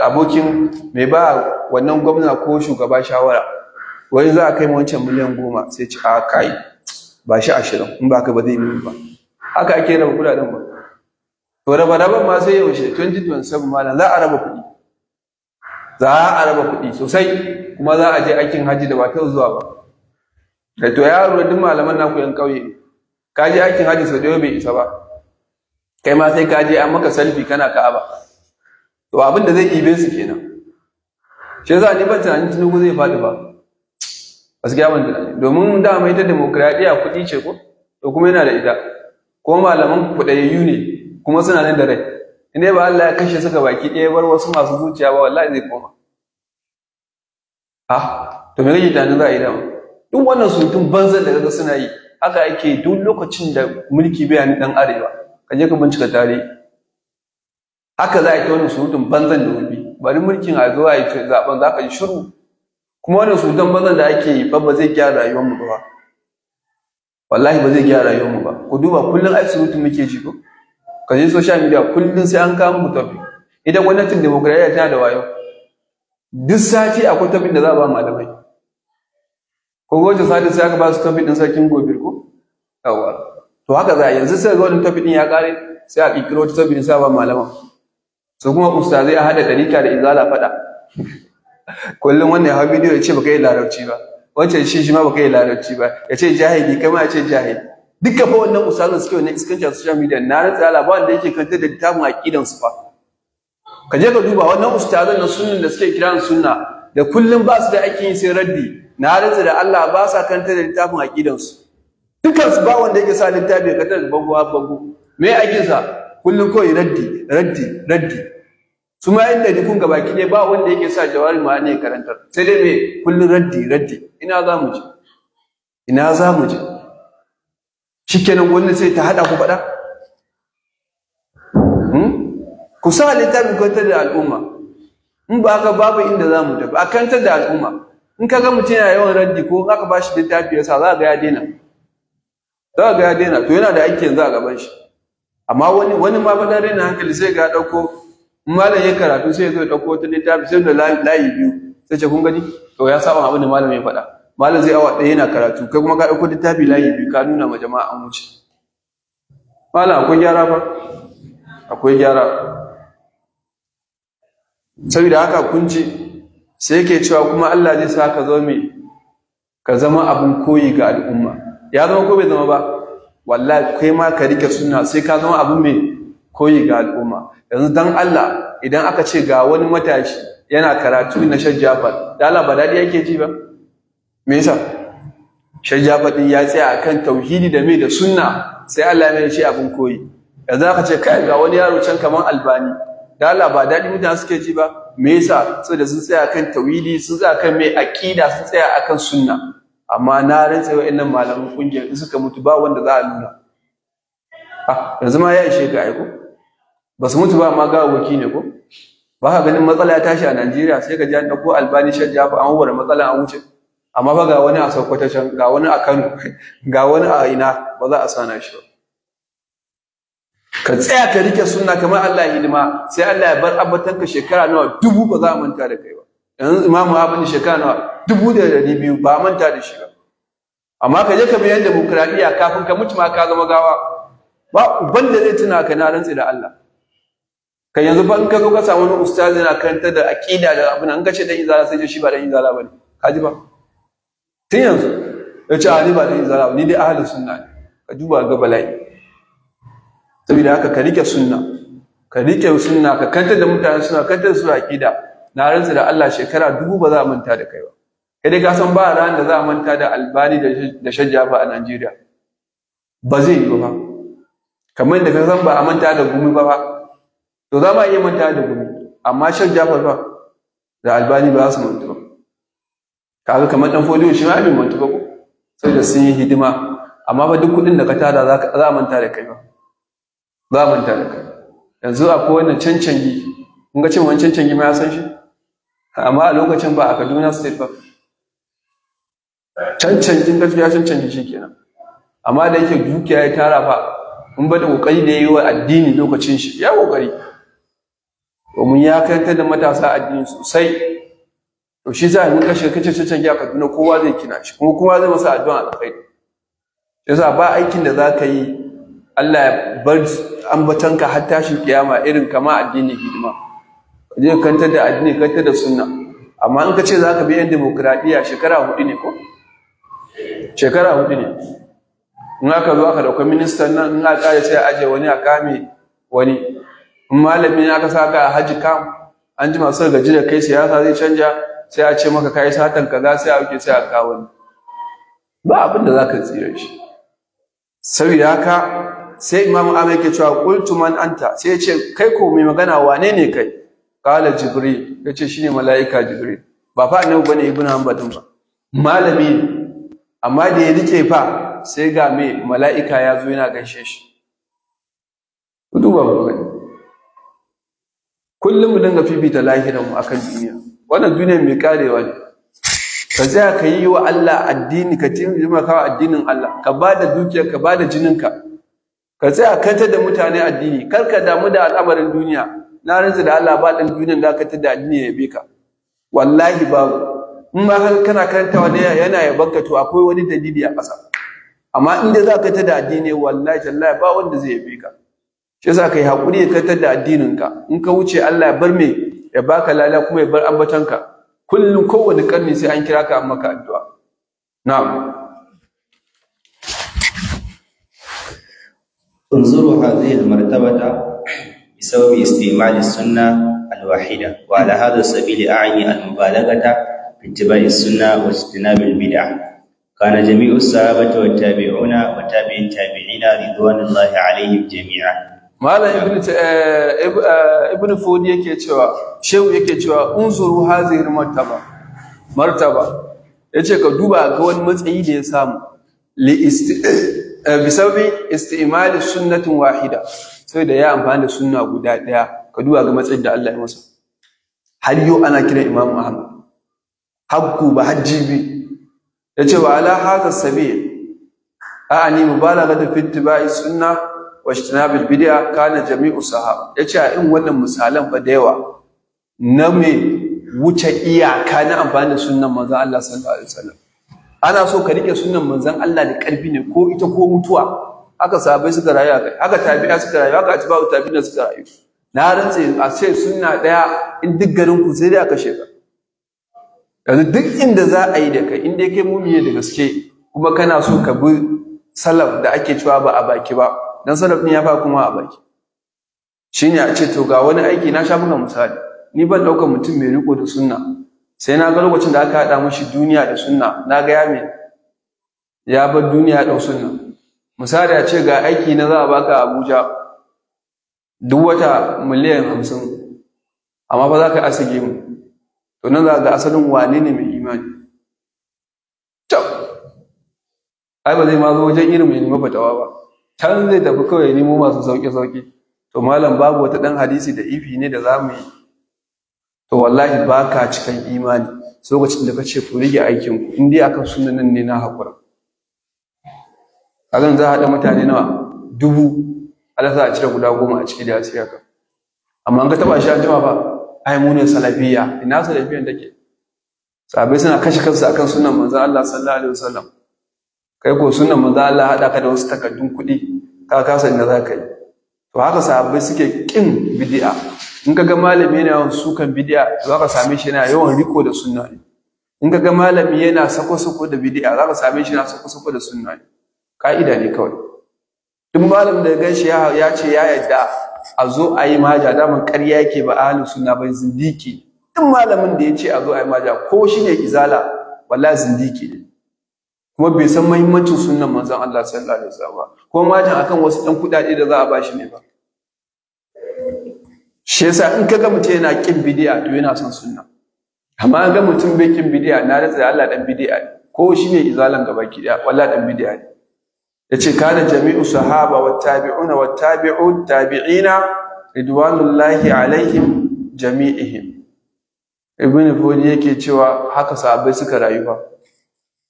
abokin mai ba wannan gwamna ko shugaba shawara wai za a kai ma wancan miliyan goma sai ce a kai ba shi ashirin in ba ka ba zai yi ba haka ake raba kuɗaɗen ba to raba raba ma sai yaushe 2027 malam za a raba kuɗi za a raba kuɗi sosai kuma za a je aikin hajji da ba ta zuwa ba da eh to yaro duk malaman naku yan ƙauye ka je aikin hajji sau da bai isa ba kai ma sai ka je an maka salfi kana ka'aba to abin da zai ibe su kenan shi yasa ni ban tunanin tinubu zai faɗi ba gaskiya ban tunani domin dama ita demokradiya kuɗi ce ko to kuma yana da ita ko malaman kuɗayayyu ne kuma suna nan da rai inda ba Allah ya kashe suka baki ɗaya bar wasu masu zuciya ba wallahi zai koma ah to me kake tunanin za a yi dama duk wannan surutun banzan da kaga suna yi haka ake duk lokacin da mulki bai ni dan arewa ka je ka bincika tare haka za a yi ta wannan surutun banzan da wuri bari mulkin a zo a yi zaben za ka yi shiru kuma wannan surutun banzan da ake yi ba zai gyara rayuwar mu ba wallahi ba zai gyara rayuwar mu ba ku duba kullum ai surutun muke ji ko ka je social media kullum sai an kama mu topic idan gwamnatin demokradiyya tana da wayo duk sati akwai topic da za a ba malamai ko wajen sati sai aka ba su topic din sarkin gobe ko yawa to haka za a yanzu sai ga wannan topic din ya kare sai a kirkiro ta topic din sai ba malaman su kuma ustazai a hada dalika da izala fada kullum wannan ya hau bidiyo ya ce baka yi larabci ba wancan shi shi ma baka yi larabci ba ya ce jahili kai ma ya ce jahili dukkan fa wannan ustazan suke wannan iskanci a social media na rantsa Allah ba wanda yake kantar da littafin aqidan su fa ka je ka duba wannan ustazan na sunnan da suke kiran sunna da kullum ba su da aikin sai raddi na rantsa da Allah ba sa kantar da littafin aqidan su dukkan su ba wanda yake sa littafi ya kantar da bango bango me aikin sa kullum kawai raddi raddi raddi su ma inda dukun gaba ne ba wanda yake sa jawari ma ne karantar sai dai me kullum raddi raddi ina za mu je ina za mu je shikenan wannan sai ta hada ku faɗa hmm? ku sa littafin kwantar da al'umma in ba haka babu inda za mu tafi a kantar da al'umma in ka ga mutum yana yawan raddi ko aka ba shi littafi yasa sa za ga ya daina za ga ya daina to yana da aiki yanzu a gaban shi amma wani wani ma fa dare hankali sai ga dauko malam ya karatu sai ya zo ya dauko ta littafi sai da layi biyu sai ce kun gani to ya saba abin da malam ya faɗa malam zai awa ɗaya yana karatu kai kuma ka ɗauko littafi layi biyu ka nuna ma jama'a an wuce malam akwai gyara fa akwai gyara saboda haka kun ji sai yake cewa kuma Allah zai sa ka zo mai ka zama abin koyi ga al'umma ya zama ko bai zama ba wallahi kai ma ka rike sunna sai ka zama abin mai koyi ga al'umma yanzu dan Allah idan aka ce ga wani matashi yana karatu na shajjafar Jafar da Allah ba dadi yake ji ba me yasa shi ya faɗi ya tsaya akan tauhidi da mai da sunna sai Allah ya shi abin koyi yanzu aka ce kai ga wani yaro can kaman albani da Allah ba daɗi mutane suke ji ba me yasa saboda sun tsaya kan tauhidi sun tsaya akan mai aqida sun tsaya akan sunna amma na rantsa wa'annan malaman kungiyar in suka mutu ba wanda za a nuna ah yanzu ma ya ishe ka aiko ba su mutu ba ma ga waki ne ko ba ka ganin matsala ya tashi a Najeriya sai ka ji an ɗauko albani shan jafa an matsala an wuce amma fa ga wani a Sokoto can ga wani a Kano ga wani a ina ba za a sana shi ba ka tsaya ka rike sunna kamar Allah ya hidima sai Allah ya bar abatan ka shekara nawa dubu ba za a manta da kai ba yanzu imamu abin shekara nawa dubu da dari biyu ba a manta da shi ba amma ka je ka biyan demokradiya kafin ka mutu ma ka zama gawa ba uban da zai tuna ka na rantsi da Allah ka yanzu ba in ka zo ka samu wani ustazi na karanta da aqida da abin an kace dan izala sai shi ba dan izala bane ji ba tun yanzu ya ce a ni ba da izala ni dai ahalin sunna ne ka duba ga bala'i saboda haka ka rike sunna ka rike sunna ka kanta da mutane suna kanta su kida na rantsa da Allah shekara dubu ba za a manta da kai ba kai dai ka san ba ran da za a manta da albani da shajja ba a Najeriya ba zai yi ba kamar da ka san ba a manta da gumi ba ba to za ma iya manta da gumi amma shajja ba da albani ba za su manta ba kaga kamar dan fodiyo shi ma bai mutu ba ko sai da sun yi hidima amma ba duk kuɗin da ka tada za manta da kai ba za manta da kai yanzu akwai wannan cancangi kun ga cewa wancan cancanci ma ya san shi amma a lokacin ba a Kaduna state ba cancangin gaskiya cancangi shi kenan amma da yake dukiya ya tara fa in ba da kokari da yayi wa addini lokacin shi ya kokari domin ya karantar da matasa addini sosai to shi za a yi kashe kace cancan a Kaduna kowa zai kina shi kuma kowa zai masa addu'a alkhairi yasa ba aikin da za ka yi Allah ya bar ambatanka har tashin kiyama irin kama addini hidima ka je kanta da addini kanta da sunna amma in ka ce za ka bi yan demokradiya shekara hudu ne ko shekara hudu ne in aka zo aka dauka ministan nan in aka ya sai aje wani a kame wani in malami ya aka saka a haji kam an ji masu gaji da kai siyasa zai canja sai a ce maka kai satan kaza sai a wuce sai a kawo ni ba abin da zaka tsira shi saboda haka sai imamu ahmad ke cewa qultu man anta sai ya ce kai ko mai magana wane ne kai qala jibril yace shine malaika jibril ba fa annabi bane ibnu hanbalin ba malami amma da ya rike fa sai ga mai mala'ika ya zo yana gaishe shi duba ba kullum mu dinga fifita mu akan duniya wannan duniyar mai karewa ne ka tsaya ka yi wa Allah addini ka taimaka kawo addinin Allah ka ba da dukiyar ka ba da jininka ka tsaya kanta da mutane addini kar ka damu da al'amarin duniya na rinsu da Allah ba ɗin duniyar da ka da addini ya bi ka wallahi babu in ma kana karanta wani yana ya ka to akwai wani dalili a ƙasa amma in dai za ka da addini wallahi tallahi ba wanda zai yabe ka shi yasa yi hakuri ka tada addinin ka in ka wuce Allah ya bar me ya baka lala kuma ya bar ambatanka kullum kowane ƙarni sai an kira ka an maka addu'a na'am unzuru hadhihi almartabata bisawbi istimali sunna alwahida wa ala hadha sabili a'ni almubalagata fi ittiba'i sunna wa istinabi albid'ah kana jami'u sahabati wa tabi'una wa tabi'in tabi'ina ridwanullahi alaihim jami'an malam ibn Fodi eh, eh, fudi yake cewa shehu yake cewa unzuru hazihi martaba martaba yace ka duba ga wani matsayi da ya samu li eh, bisabi istimali sunnatin wahida sai da ya amfani da sunna guda daya ka duba ga matsayin da Allah ya masa har yau ana kira imam muhammad hakku ba hajjibi yace wa ala hadha sabil a'ani da fi bai, sunnah wajtinabil bid'a kana jami'u sahab yace a in wannan misalan ba da yawa na me wuce iyaka na amfani da sunnan manzon Allah sallallahu alaihi wasallam ana so ka rike sunnan manzon Allah da karfi ne ko ita ko mutuwa haka sabai suka rayu haka haka tabi'a suka rayu haka atba'u na suka rayu na rantse a ce sunna daya in duk garin ku sai dai aka sheka yanzu duk inda za a yi da kai in dai kai mumiye da gaske kuma kana so ka bi salaf da ake cewa ba a baki ba dan sanar din ya fa kuma a baki shine a ce to ga wani aiki na sha muka misali ni ban ɗaukar mutum mai riko da sunna sai na ga lokacin da aka haɗa mashi duniya da sunna na ga ya ya bar duniya ɗau sunna misali a ce ga aiki na za baka abuja duk wata miliyan hamsin amma fa za ka asige mu to nan za ga asalin wane ne mai imani ai ba zai ma zo wajen irin mai nemi fatawa ba can zai tafi kawai nemo masu sauƙi-sauƙi to malam babu wata ɗan hadisi da ifi ne da za mu yi to wallahi ba ka cikin imani lokacin da ka ce ku rige aikin ku in dai akan sunan nan ne na haƙura zan za a haɗa mutane nawa dubu ala za a cire guda goma a ciki da asiri haka amma an ka taɓa shi an jima ba ai mu ne salafiya ina salafiyan take sabai suna kashe kansu akan sunan manzon Allah sallallahu alaihi wasallam kai ko sunan manzo Allah haɗa ka da wasu takardun kuɗi ka kasa inda za ka yi to haka sahabbai suke ƙin bid'a in ka ga malami yana yawan sukan bid'a za ka same shi yana yawan riko da sunna ne in ka ga malami yana sako-sako da bid'a za ka same shi yana sako-sako da sunna ne ka'ida ne kawai duk malam da gan shi ya ce ya yadda a zo a yi maja daman ƙarya yake ba ahlus suna ba zindiki duk malamin da ya ce a zo a yi maja ko shine izala wallahi zindiki ne kuma bai san muhimmancin sunan manzon Allah sallallahu alaihi wasallam ba kuma jin akan wasu dan kudade da za a bashi ne ba shi yasa in kaga mutum yana kin bidiya to yana son sunna amma ga mutum bai kin bidiya na da Allah dan bidiya ne ko shine izalan gaba ki da wallahi dan bidiya ne yace kana jami'u sahaba wa tabi'una wa tabi'u tabi'ina ridwanullahi alaihim jami'ihim ibn fudi yake cewa haka sahabbai suka rayu ba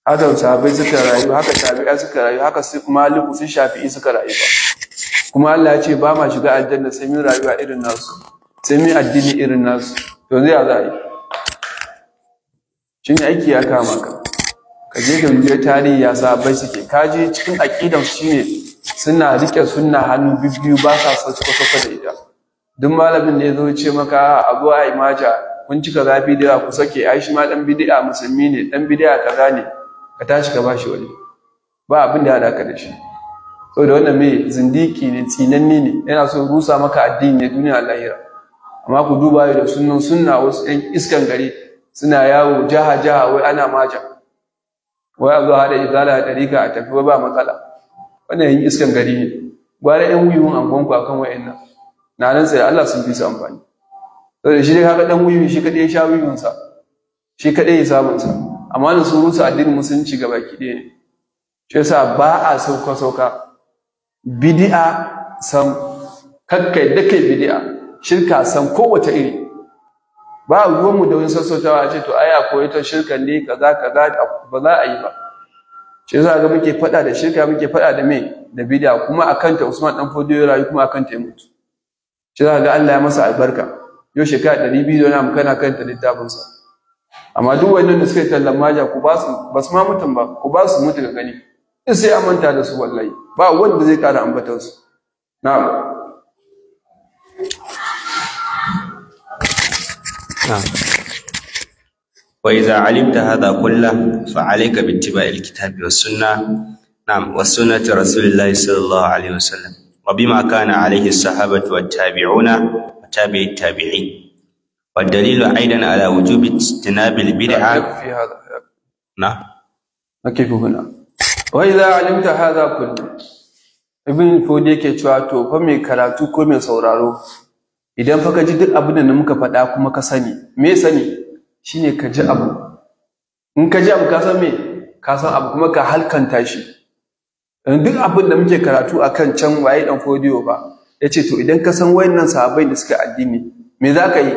Adam sahabai suka rayu haka tabi'a suka rayu haka su maliku su shafi'i suka rayu ba kuma Allah ya ce ba ma shiga aljanna sai mun rayuwa irin nasu sai mun addini irin nasu to zai za a yi shine aiki ya kama ka ka je ka je tarihi ya bai suke ka je cikin aƙidan su shine suna rike sunna hannu bibbiyu ba sa sa suka saka da ita duk malamin da ya zo ce maka abu a imaja kun cika zafi da ku sake ai shi ma dan bid'a musulmi ne dan bid'a kaza ne ka tashi ka bashi wani. ba abin da ya haɗa ka da shi saboda wannan mai zindiki ne tsinanni ne yana so rusa maka addini ne duniya lahira amma ku duba da sunan sunna wasu ɗan iskan gari suna yawo jaha jaha wai ana maja wai a zuwa haɗa izala da ɗarika a tafi ba makala wannan yin iskan gari ne gwara yan wuyun angonku akan nan. na nan tsaye Allah sun fi su amfani saboda shi dai haka ɗan wuyun shi kaɗai ya sha wuyunsa shi kaɗai ya samunsa amma da su rusa addini musulunci gaba kiɗe ne shi yasa ba a sauka sauka bidi'a sam kakkai da kai bidi'a shirka san kowace iri ba a ruwan mu da wani sassautawa a ce to aya koyi ta shirka ne kaza kaza ba za a yi ba shi yasa ga muke faɗa da shirka muke faɗa da me da bidi'a kuma akan ta Usman dan Fodio ya rayu kuma akan ta ya mutu shi yasa ga Allah ya masa albarka yau shekara 200 yana na kan ta littafinsa amma duk wannan da suka yi tallan maja ku ba su ba ma mutum ba ku ba su mutu ga gani in sai an manta da su wallahi ba wanda zai kara ambatar su na'am وإذا علمت هذا كله فعليك باتباع الكتاب والسنة نعم والسنة رسول الله صلى الله عليه وسلم وبما كان عليه الصحابة والتابعون وتابع التابعين والدليل أيضا على وجوب اجتناب البدعة في هذا نعم نقف هنا وإذا علمت هذا كله ibn fodi yake cewa to fa mai karatu ko mai sauraro idan fa ka ji duk abin da muka faɗa kuma ka sani me sani shine ka ji abu in ka ji abu ka san me ka san abu kuma ka halkanta shi duk abin da muke karatu akan can waye dan fodiyo ba yace to idan ka san wayannan sahabbai da suka addini me za ka yi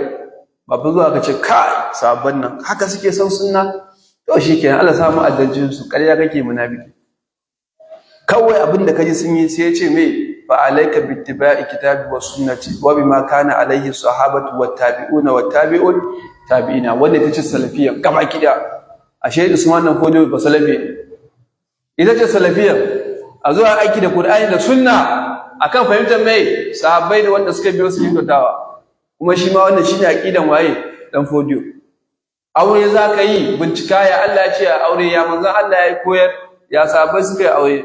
ba fa zuwa ka ce kai sabon nan haka suke son sunna to shikenan Allah samu addancin su ƙarya kake munafiki kawai abin da kaji sun yi sai ya ce me fa alayka bittiba'i kitabi wa sunnati wa bima kana alayhi sahabatu wa tabi'una wa tabi'un tabi'ina wanda ta ce salafiyya gaba kida ashe Usman nan ko ba salafi ita ce salafiyya a zuwa aiki da Qur'ani da sunna akan fahimtar me sahabbai da wanda suka biyo su yi dotawa kuma shi ma wannan shine aqidan waye dan fodio aure za ka yi bincika ya Allah ya ce a aure ya manzon Allah ya koyar ya sabai suka yi aure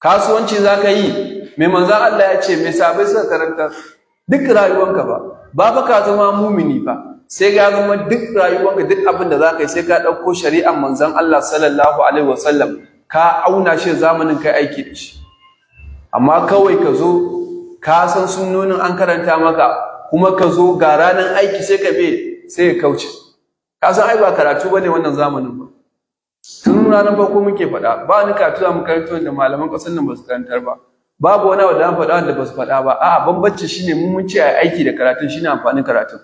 kasuwanci za ka yi mai manzon Allah ya ce mai sabai suka karanta duk rayuwanka ba ba fa ka zama mumini ba sai ga zama duk rayuwanka duk abin da za ka yi sai ka dauko shari'ar manzon Allah sallallahu alaihi wasallam ka auna shi zamanin kai aiki da shi amma kawai ka zo ka san sunnonin an karanta maka kuma ka zo ga ranar aiki sai ka be sai ya kauce ka san ai ba karatu bane wannan zamanin ba tun ranar farko muke faɗa ba ni karatu za mu da malaman ƙasar nan ba su karantar ba babu wani wanda an faɗa wanda ba su faɗa ba a'a bambanci shine mun mun ce a aiki da karatu shine amfanin karatun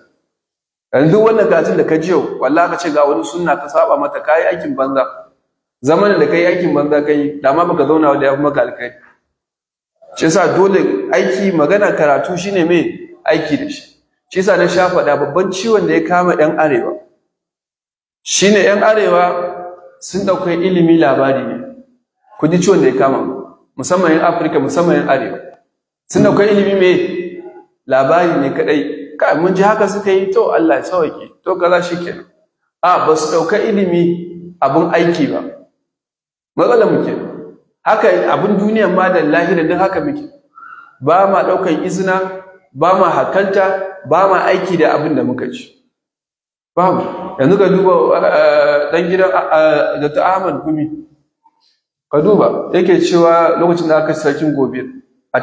yanzu wannan karatun da ka ji yau wallahi ka ce ga wani sunna ka saba mata kai aikin banza zaman da kai aikin banza kai da ma baka zauna da ya kuma kalkai alkai shi dole aiki magana karatu shine me aiki da shi shi sa na sha faɗa babban ciwon da ya kama 'yan arewa shine 'yan arewa sun ɗaukai ilimi labari ne ku ji ciwon da ya kama musamman 'yan afirka musamman 'yan arewa sun ɗaukai ilimi mai labari ne kaɗai kai mun ji haka suka yi to Allah ya sauke to kaza shi ke. a ba su ɗauka ilimi abin aiki ba matsalar muke haka abin duniya ma da lahira don haka muke ba ma ɗaukan izina ba ma hakanta ba ma aiki da abin da muka ci mu yanzu ka duba dan eh, gidan eh, Dr. Ahmad Gumi ka duba yake cewa lokacin da aka sarkin gobe a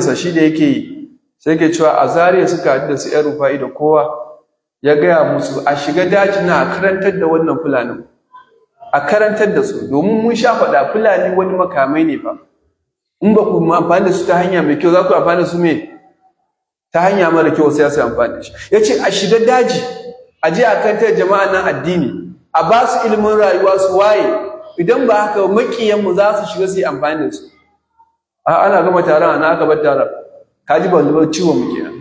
sa shi da yake yi sai yake cewa a zariya suka haɗu da su ‘yan rufa'i da kowa ya gaya musu a shiga daji na a karantar da wannan fulanin a karantar da su domin mun sha faɗa fulani wani makamai ne ba. in ba ku amfani da su ta hanya mai kyau za ku amfani da su mai ta hanya mara kyau sai sai amfani da shi yace a shiga daji a je a kanta jama'a nan addini a ba su ilimin rayuwa su waye idan ba haka makiyan mu za su shiga su yi amfani da su a ana gama taron ana aka bar taron ka ji babban ciwon mu kenan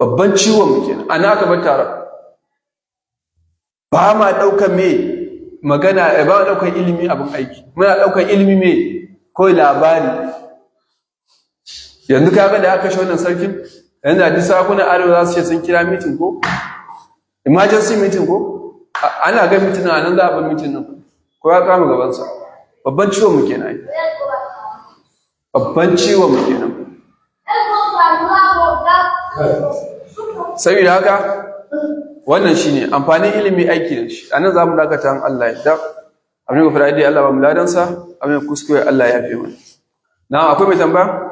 babban ciwon mu kenan ana aka bar taron ba ma ɗaukar me magana ba ma ɗaukar ilimi abin aiki muna ɗaukar ilimi me ko labari yanzu ga da aka kashe wannan sarkin yanzu duk sarakunan arewa za su ce sun kira mitin ko emergency mitin ko ana ga mitin a nan za a bar mitin nan ko ya kama gabansa babban ciwon mu kenan babban ciwon mu kenan saboda haka wannan shi ne. amfanin ilimi aiki da shi anan mu dakata an Allah ya da abin da fara dai Allah ba mu ladansa abin kuskure Allah ya fi mana na akwai mai tambaya